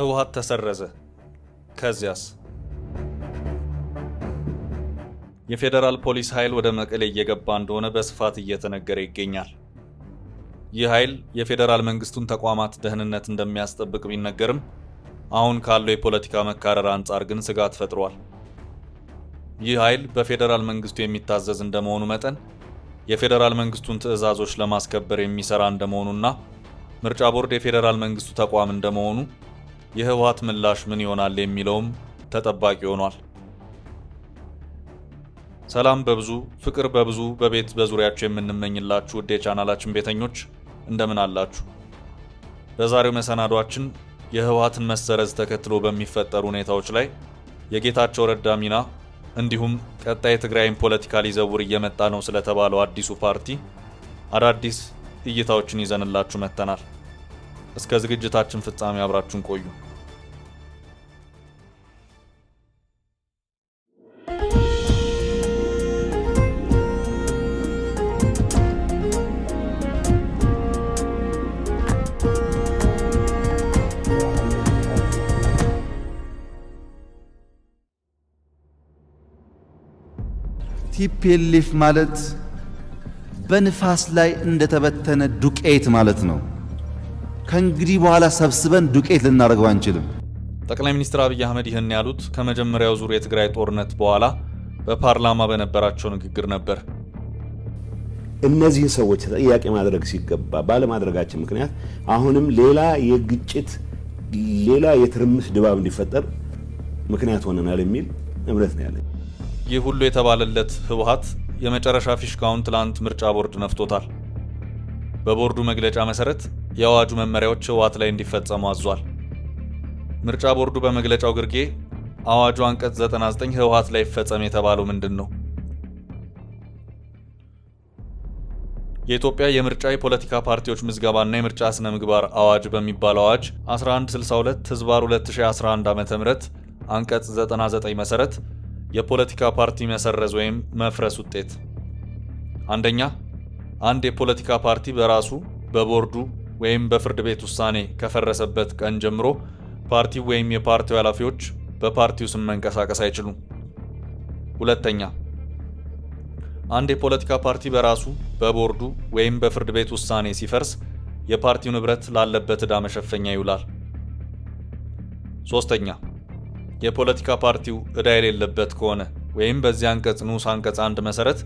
ህወሓት ተሰረዘ። ከዚያስ? የፌዴራል ፖሊስ ኃይል ወደ መቀሌ እየገባ እንደሆነ በስፋት እየተነገረ ይገኛል። ይህ ኃይል የፌዴራል መንግስቱን ተቋማት ደህንነት እንደሚያስጠብቅ ቢነገርም አሁን ካለው የፖለቲካ መካረር አንጻር ግን ስጋት ፈጥሯል። ይህ ኃይል በፌዴራል መንግስቱ የሚታዘዝ እንደመሆኑ መጠን የፌዴራል መንግስቱን ትዕዛዞች ለማስከበር የሚሰራ እንደመሆኑና ምርጫ ቦርድ የፌዴራል መንግስቱ ተቋም እንደመሆኑ የህወሓት ምላሽ ምን ይሆናል የሚለውም ተጠባቂ ሆኗል። ሰላም በብዙ ፍቅር በብዙ በቤት በዙሪያችሁ የምንመኝላችሁ ውድ የቻናላችን ቤተኞች እንደምን አላችሁ? በዛሬው መሰናዷችን የህወሓትን መሰረዝ ተከትሎ በሚፈጠሩ ሁኔታዎች ላይ የጌታቸው ረዳ ሚና እንዲሁም ቀጣይ የትግራይን ፖለቲካ ሊዘውር እየመጣ ነው ስለተባለው አዲሱ ፓርቲ አዳዲስ እይታዎችን ይዘንላችሁ መጥተናል። እስከ ዝግጅታችን ፍጻሜ አብራችሁን ቆዩ። ቲፒኤልኤፍ ማለት በንፋስ ላይ እንደተበተነ ዱቄት ማለት ነው። ከእንግዲህ በኋላ ሰብስበን ዱቄት ልናደርገው አንችልም። ጠቅላይ ሚኒስትር አብይ አህመድ ይህን ያሉት ከመጀመሪያው ዙር የትግራይ ጦርነት በኋላ በፓርላማ በነበራቸው ንግግር ነበር። እነዚህን ሰዎች ተጠያቂ ማድረግ ሲገባ ባለማድረጋችን ምክንያት አሁንም ሌላ የግጭት ሌላ የትርምስ ድባብ እንዲፈጠር ምክንያት ሆነናል የሚል እምነት ነው ያለኝ። ይህ ሁሉ የተባለለት ህወሓት የመጨረሻ ፊሽካውን ትላንት ምርጫ ቦርድ ነፍቶታል። በቦርዱ መግለጫ መሰረት የአዋጁ መመሪያዎች ህወሓት ላይ እንዲፈጸሙ አዟል። ምርጫ ቦርዱ በመግለጫው ግርጌ አዋጁ አንቀጽ 99 ህወሓት ላይ ይፈጸም የተባለው ምንድን ነው? የኢትዮጵያ የምርጫ የፖለቲካ ፓርቲዎች ምዝገባና የምርጫ ስነ ምግባር አዋጅ በሚባለው አዋጅ 1162 ህዝባር 2011 ዓ ም አንቀጽ 99 መሰረት የፖለቲካ ፓርቲ መሰረዝ ወይም መፍረስ ውጤት አንደኛ አንድ የፖለቲካ ፓርቲ በራሱ በቦርዱ ወይም በፍርድ ቤት ውሳኔ ከፈረሰበት ቀን ጀምሮ ፓርቲው ወይም የፓርቲው ኃላፊዎች በፓርቲው ስም መንቀሳቀስ አይችሉም። ሁለተኛ፣ አንድ የፖለቲካ ፓርቲ በራሱ በቦርዱ ወይም በፍርድ ቤት ውሳኔ ሲፈርስ የፓርቲው ንብረት ላለበት ዕዳ መሸፈኛ ይውላል። ሶስተኛ፣ የፖለቲካ ፓርቲው ዕዳ የሌለበት ከሆነ ወይም በዚህ አንቀጽ ንዑስ አንቀጽ አንድ መሰረት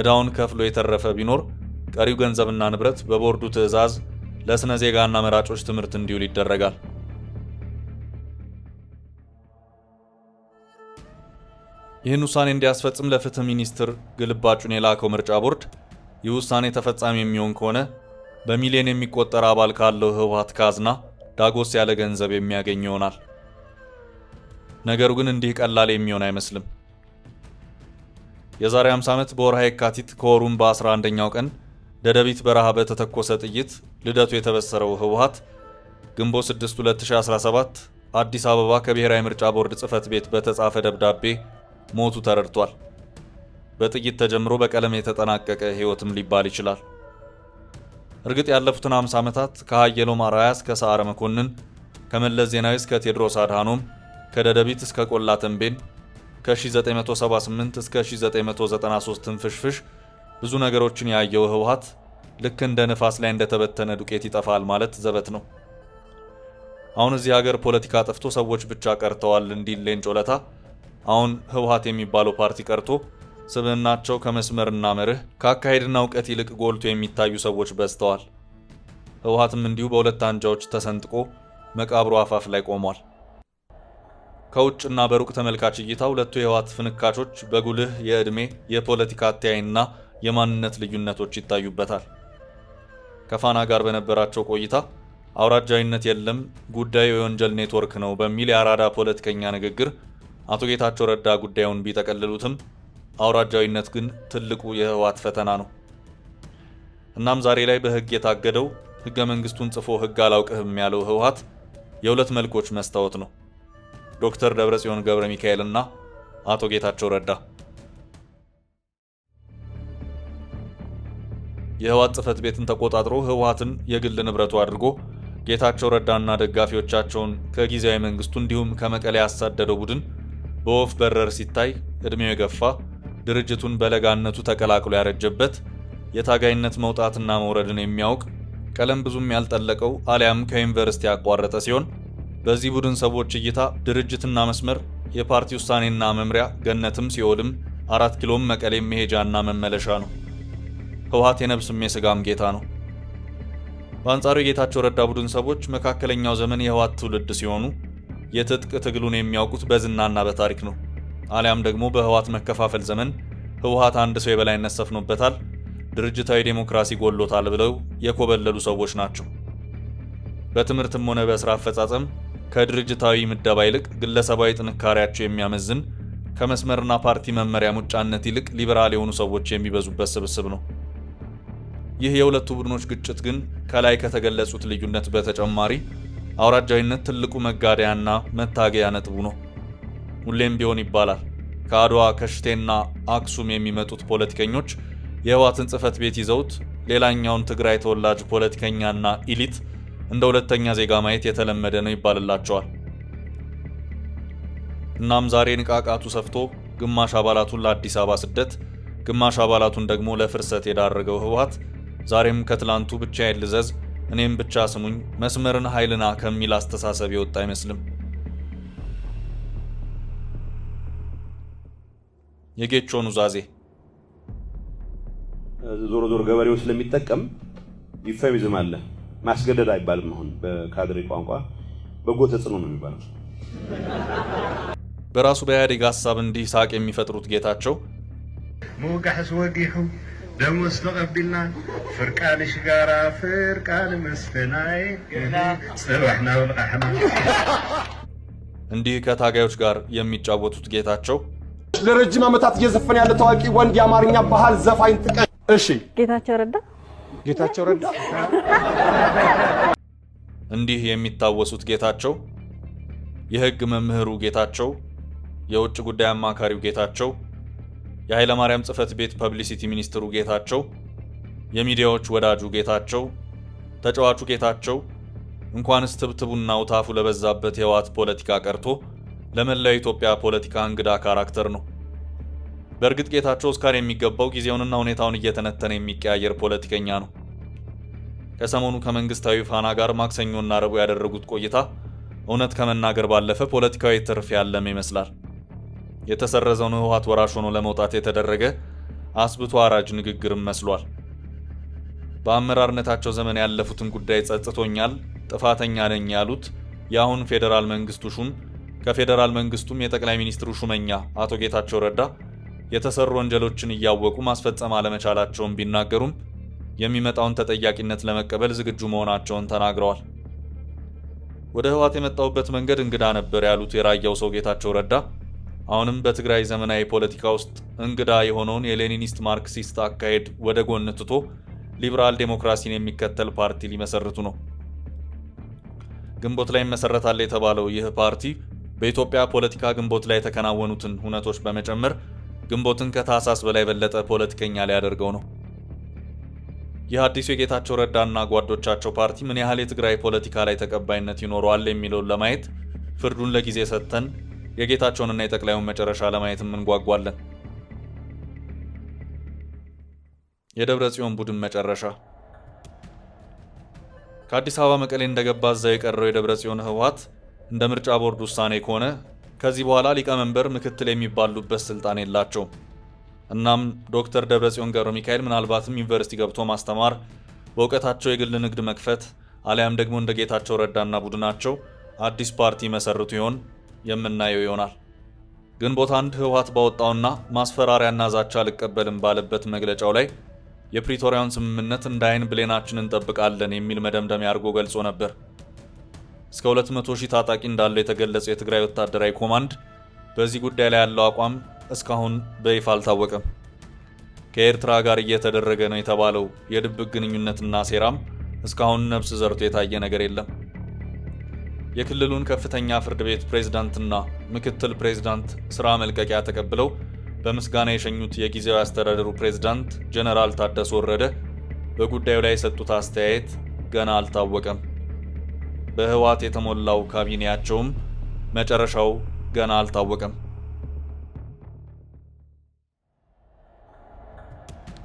ዕዳውን ከፍሎ የተረፈ ቢኖር ቀሪው ገንዘብና ንብረት በቦርዱ ትዕዛዝ ለስነ ዜጋና መራጮች ትምህርት እንዲውል ይደረጋል። ይህን ውሳኔ እንዲያስፈጽም ለፍትህ ሚኒስትር ግልባጩን የላከው ምርጫ ቦርድ ይህ ውሳኔ ተፈጻሚ የሚሆን ከሆነ በሚሊዮን የሚቆጠር አባል ካለው ህወሓት ካዝና ዳጎስ ያለ ገንዘብ የሚያገኝ ይሆናል። ነገሩ ግን እንዲህ ቀላል የሚሆን አይመስልም። የዛሬ 50 ዓመት በወርሃ የካቲት ከወሩም በ11ኛው ቀን ደደቢት በረሃ በተተኮሰ ጥይት ልደቱ የተበሰረው ህወሓት ግንቦት 6 2017 አዲስ አበባ ከብሔራዊ ምርጫ ቦርድ ጽሕፈት ቤት በተጻፈ ደብዳቤ ሞቱ ተረድቷል። በጥይት ተጀምሮ በቀለም የተጠናቀቀ ህይወትም ሊባል ይችላል። እርግጥ ያለፉትን 50 ዓመታት ከሀየሎ አርአያ እስከ ሰዓረ መኮንን፣ ከመለስ ዜናዊ እስከ ቴድሮስ አድሃኖም፣ ከደደቢት እስከ ቆላ ተንቤን፣ ከ1978 እስከ 1993 ፍሽፍሽ ብዙ ነገሮችን ያየው ህውሃት ልክ እንደ ንፋስ ላይ እንደተበተነ ዱቄት ይጠፋል ማለት ዘበት ነው። አሁን እዚህ ሀገር ፖለቲካ ጠፍቶ ሰዎች ብቻ ቀርተዋል እንዲል ሌንጮ ለታ አሁን ህውሃት የሚባለው ፓርቲ ቀርቶ ስብዕናቸው ከመስመርና መርህ ከአካሄድና እውቀት ይልቅ ጎልቶ የሚታዩ ሰዎች በዝተዋል። ህውሃትም እንዲሁ በሁለት አንጃዎች ተሰንጥቆ መቃብሩ አፋፍ ላይ ቆሟል። ከውጭና በሩቅ ተመልካች እይታ ሁለቱ የህወሓት ፍንካቾች በጉልህ የዕድሜ የፖለቲካ አተያይና የማንነት ልዩነቶች ይታዩበታል። ከፋና ጋር በነበራቸው ቆይታ አውራጃዊነት የለም፣ ጉዳዩ የወንጀል ኔትወርክ ነው በሚል የአራዳ ፖለቲከኛ ንግግር አቶ ጌታቸው ረዳ ጉዳዩን ቢጠቀልሉትም አውራጃዊነት ግን ትልቁ የህወሓት ፈተና ነው። እናም ዛሬ ላይ በህግ የታገደው ህገ መንግስቱን ጽፎ ህግ አላውቅህም ያለው ህወሓት የሁለት መልኮች መስታወት ነው። ዶክተር ደብረጽዮን ገብረ ሚካኤልና አቶ ጌታቸው ረዳ የህወሓት ጽህፈት ቤትን ተቆጣጥሮ ህወሓትን የግል ንብረቱ አድርጎ ጌታቸው ረዳና ደጋፊዎቻቸውን ከጊዜያዊ መንግስቱ እንዲሁም ከመቀሌ ያሳደደው ቡድን በወፍ በረር ሲታይ ዕድሜው የገፋ ድርጅቱን በለጋነቱ ተቀላቅሎ ያረጀበት የታጋይነት መውጣትና መውረድን የሚያውቅ ቀለም ብዙም ያልጠለቀው አሊያም ከዩኒቨርሲቲ ያቋረጠ ሲሆን በዚህ ቡድን ሰዎች እይታ ድርጅትና መስመር የፓርቲ ውሳኔና መምሪያ ገነትም ሲኦልም አራት ኪሎም መቀሌም መሄጃና መመለሻ ነው። ህወሀት የነብስም የስጋም ጌታ ነው። በአንጻሩ የጌታቸው ረዳ ቡድን ሰዎች መካከለኛው ዘመን የህወሀት ትውልድ ሲሆኑ የትጥቅ ትግሉን የሚያውቁት በዝናና በታሪክ ነው። አሊያም ደግሞ በህወሀት መከፋፈል ዘመን ህወሀት አንድ ሰው የበላይነት ሰፍኖበታል፣ ድርጅታዊ ዴሞክራሲ ጎሎታል ብለው የኮበለሉ ሰዎች ናቸው። በትምህርትም ሆነ በስራ አፈጻጸም ከድርጅታዊ ምደባ ይልቅ ግለሰባዊ ጥንካሬያቸው የሚያመዝን ከመስመርና ፓርቲ መመሪያ ሙጫነት ይልቅ ሊበራል የሆኑ ሰዎች የሚበዙበት ስብስብ ነው። ይህ የሁለቱ ቡድኖች ግጭት ግን ከላይ ከተገለጹት ልዩነት በተጨማሪ አውራጃዊነት ትልቁ መጋደያና መታገያ ነጥቡ ነው። ሁሌም ቢሆን ይባላል ከአድዋ ከሽቴና አክሱም የሚመጡት ፖለቲከኞች የህዋትን ጽህፈት ቤት ይዘውት ሌላኛውን ትግራይ ተወላጅ ፖለቲከኛና ኢሊት እንደ ሁለተኛ ዜጋ ማየት የተለመደ ነው ይባልላቸዋል። እናም ዛሬ ንቃቃቱ ሰፍቶ ግማሽ አባላቱን ለአዲስ አበባ ስደት፣ ግማሽ አባላቱን ደግሞ ለፍርሰት የዳረገው ህወሀት ዛሬም ከትላንቱ ብቻ ልዘዝ፣ እኔም ብቻ ስሙኝ፣ መስመርን ኃይልና ከሚል አስተሳሰብ የወጣ አይመስልም። የጌቾን ኑዛዜ ዞሮ ዞሮ ገበሬው ስለሚጠቀም ኢፌሚዝም አለ። ማስገደድ አይባልም። አሁን በካድሬ ቋንቋ በጎ ተጽዕኖ ነው የሚባለው። በራሱ በኢህአዴግ ሀሳብ እንዲህ ሳቅ የሚፈጥሩት ጌታቸው ደሞስ ተቀቢልና ፍርቃንሽ ጋራ ፍርቃን መስፈናይ ፅባሕና ብልቃሕና እንዲህ ከታጋዮች ጋር የሚጫወቱት ጌታቸው ለረጅም ዓመታት እየዘፈነ ያለ ታዋቂ ወንድ የአማርኛ ባህል ዘፋኝ ጥቀ እሺ፣ ጌታቸው ረዳ ጌታቸው ረዳ። እንዲህ የሚታወሱት ጌታቸው የህግ መምህሩ ጌታቸው፣ የውጭ ጉዳይ አማካሪው ጌታቸው የኃይለማርያም ጽህፈት ቤት ፐብሊሲቲ ሚኒስትሩ ጌታቸው፣ የሚዲያዎች ወዳጁ ጌታቸው፣ ተጫዋቹ ጌታቸው እንኳንስ ትብትቡና ውታፉ ለበዛበት የህወሓት ፖለቲካ ቀርቶ ለመላው የኢትዮጵያ ፖለቲካ እንግዳ ካራክተር ነው። በእርግጥ ጌታቸው ኦስካር የሚገባው ጊዜውንና ሁኔታውን እየተነተነ የሚቀያየር ፖለቲከኛ ነው። ከሰሞኑ ከመንግስታዊ ፋና ጋር ማክሰኞና ረቡዕ ያደረጉት ቆይታ እውነት ከመናገር ባለፈ ፖለቲካዊ ትርፍ ያለም ይመስላል። የተሰረዘውን ህወሓት ወራሽ ሆኖ ለመውጣት የተደረገ አስብቶ አራጅ ንግግርም መስሏል። በአመራርነታቸው ዘመን ያለፉትን ጉዳይ ጸጽቶኛል፣ ጥፋተኛ ነኝ ያሉት የአሁን ፌዴራል መንግስቱ ሹም ከፌዴራል መንግስቱም የጠቅላይ ሚኒስትሩ ሹመኛ አቶ ጌታቸው ረዳ የተሰሩ ወንጀሎችን እያወቁ ማስፈጸም አለመቻላቸውን ቢናገሩም የሚመጣውን ተጠያቂነት ለመቀበል ዝግጁ መሆናቸውን ተናግረዋል። ወደ ህወሓት የመጣሁበት መንገድ እንግዳ ነበር ያሉት የራያው ሰው ጌታቸው ረዳ አሁንም በትግራይ ዘመናዊ ፖለቲካ ውስጥ እንግዳ የሆነውን የሌኒኒስት ማርክሲስት አካሄድ ወደ ጎን ትቶ ሊበራል ዴሞክራሲን የሚከተል ፓርቲ ሊመሰርቱ ነው። ግንቦት ላይ መሰረታል የተባለው ይህ ፓርቲ በኢትዮጵያ ፖለቲካ ግንቦት ላይ የተከናወኑትን ሁነቶች በመጨመር ግንቦትን ከታህሳስ በላይ በለጠ ፖለቲከኛ ሊያደርገው ነው። ይህ አዲሱ የጌታቸው ረዳና ጓዶቻቸው ፓርቲ ምን ያህል የትግራይ ፖለቲካ ላይ ተቀባይነት ይኖረዋል የሚለውን ለማየት ፍርዱን ለጊዜ ሰጥተን የጌታቸውንና የጠቅላዩን መጨረሻ ለማየትም እንጓጓለን። የደብረ ጽዮን ቡድን መጨረሻ ከአዲስ አበባ መቀሌ እንደገባ እዛው የቀረው የደብረ ጽዮን ህወሓት እንደ ምርጫ ቦርድ ውሳኔ ከሆነ ከዚህ በኋላ ሊቀመንበር፣ ምክትል የሚባሉበት ስልጣን የላቸውም። እናም ዶክተር ደብረ ጽዮን ገብረ ሚካኤል ምናልባትም ዩኒቨርሲቲ ገብቶ ማስተማር፣ በእውቀታቸው የግል ንግድ መክፈት አሊያም ደግሞ እንደ ጌታቸው ረዳና ቡድናቸው አዲስ ፓርቲ መሰርቱ ይሆን? የምናየው ይሆናል። ግንቦት አንድ ህወሓት ባወጣውና ማስፈራሪያና ዛቻ አልቀበልም ባለበት መግለጫው ላይ የፕሪቶሪያውን ስምምነት እንደ አይን ብሌናችን እንጠብቃለን የሚል መደምደሚያ አድርጎ ገልጾ ነበር። እስከ 200 ሺህ ታጣቂ እንዳለው የተገለጸ የትግራይ ወታደራዊ ኮማንድ በዚህ ጉዳይ ላይ ያለው አቋም እስካሁን በይፋ አልታወቀም። ከኤርትራ ጋር እየተደረገ ነው የተባለው የድብቅ ግንኙነትና ሴራም እስካሁን ነብስ ዘርቶ የታየ ነገር የለም። የክልሉን ከፍተኛ ፍርድ ቤት ፕሬዝዳንትና ምክትል ፕሬዝዳንት ስራ መልቀቂያ ተቀብለው በምስጋና የሸኙት የጊዜያዊ አስተዳደሩ ፕሬዝዳንት ጀነራል ታደሰ ወረደ በጉዳዩ ላይ የሰጡት አስተያየት ገና አልታወቀም። በህወሓት የተሞላው ካቢኔያቸውም መጨረሻው ገና አልታወቀም።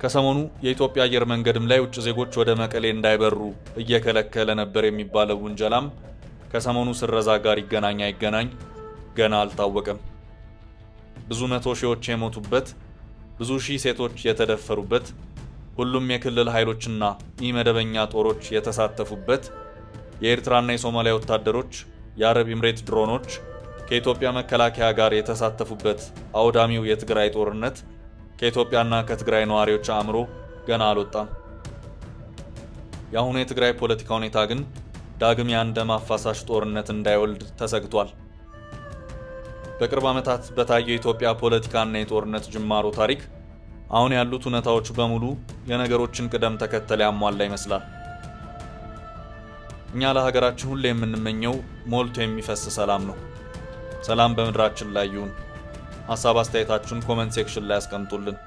ከሰሞኑ የኢትዮጵያ አየር መንገድም ላይ ውጭ ዜጎች ወደ መቀሌ እንዳይበሩ እየከለከለ ነበር የሚባለው ውንጀላም ከሰሞኑ ስረዛ ጋር ይገናኝ አይገናኝ ገና አልታወቀም። ብዙ መቶ ሺዎች የሞቱበት፣ ብዙ ሺህ ሴቶች የተደፈሩበት፣ ሁሉም የክልል ኃይሎችና ኢመደበኛ ጦሮች የተሳተፉበት፣ የኤርትራና የሶማሊያ ወታደሮች፣ የአረብ ኢምሬት ድሮኖች ከኢትዮጵያ መከላከያ ጋር የተሳተፉበት አውዳሚው የትግራይ ጦርነት ከኢትዮጵያና ከትግራይ ነዋሪዎች አእምሮ ገና አልወጣም። የአሁኑ የትግራይ ፖለቲካ ሁኔታ ግን ዳግም ያን ደም አፋሳሽ ጦርነት እንዳይወልድ ተሰግቷል። በቅርብ ዓመታት በታየ የኢትዮጵያ ፖለቲካና የጦርነት ጅማሮ ታሪክ አሁን ያሉት ሁኔታዎች በሙሉ የነገሮችን ቅደም ተከተል ያሟላ ይመስላል። እኛ ለሀገራችን ሁሌ የምንመኘው ሞልቶ የሚፈስ ሰላም ነው። ሰላም በምድራችን ላይ ይሁን። ሀሳብ አስተያየታችሁን ኮመንት ሴክሽን ላይ ያስቀምጡልን።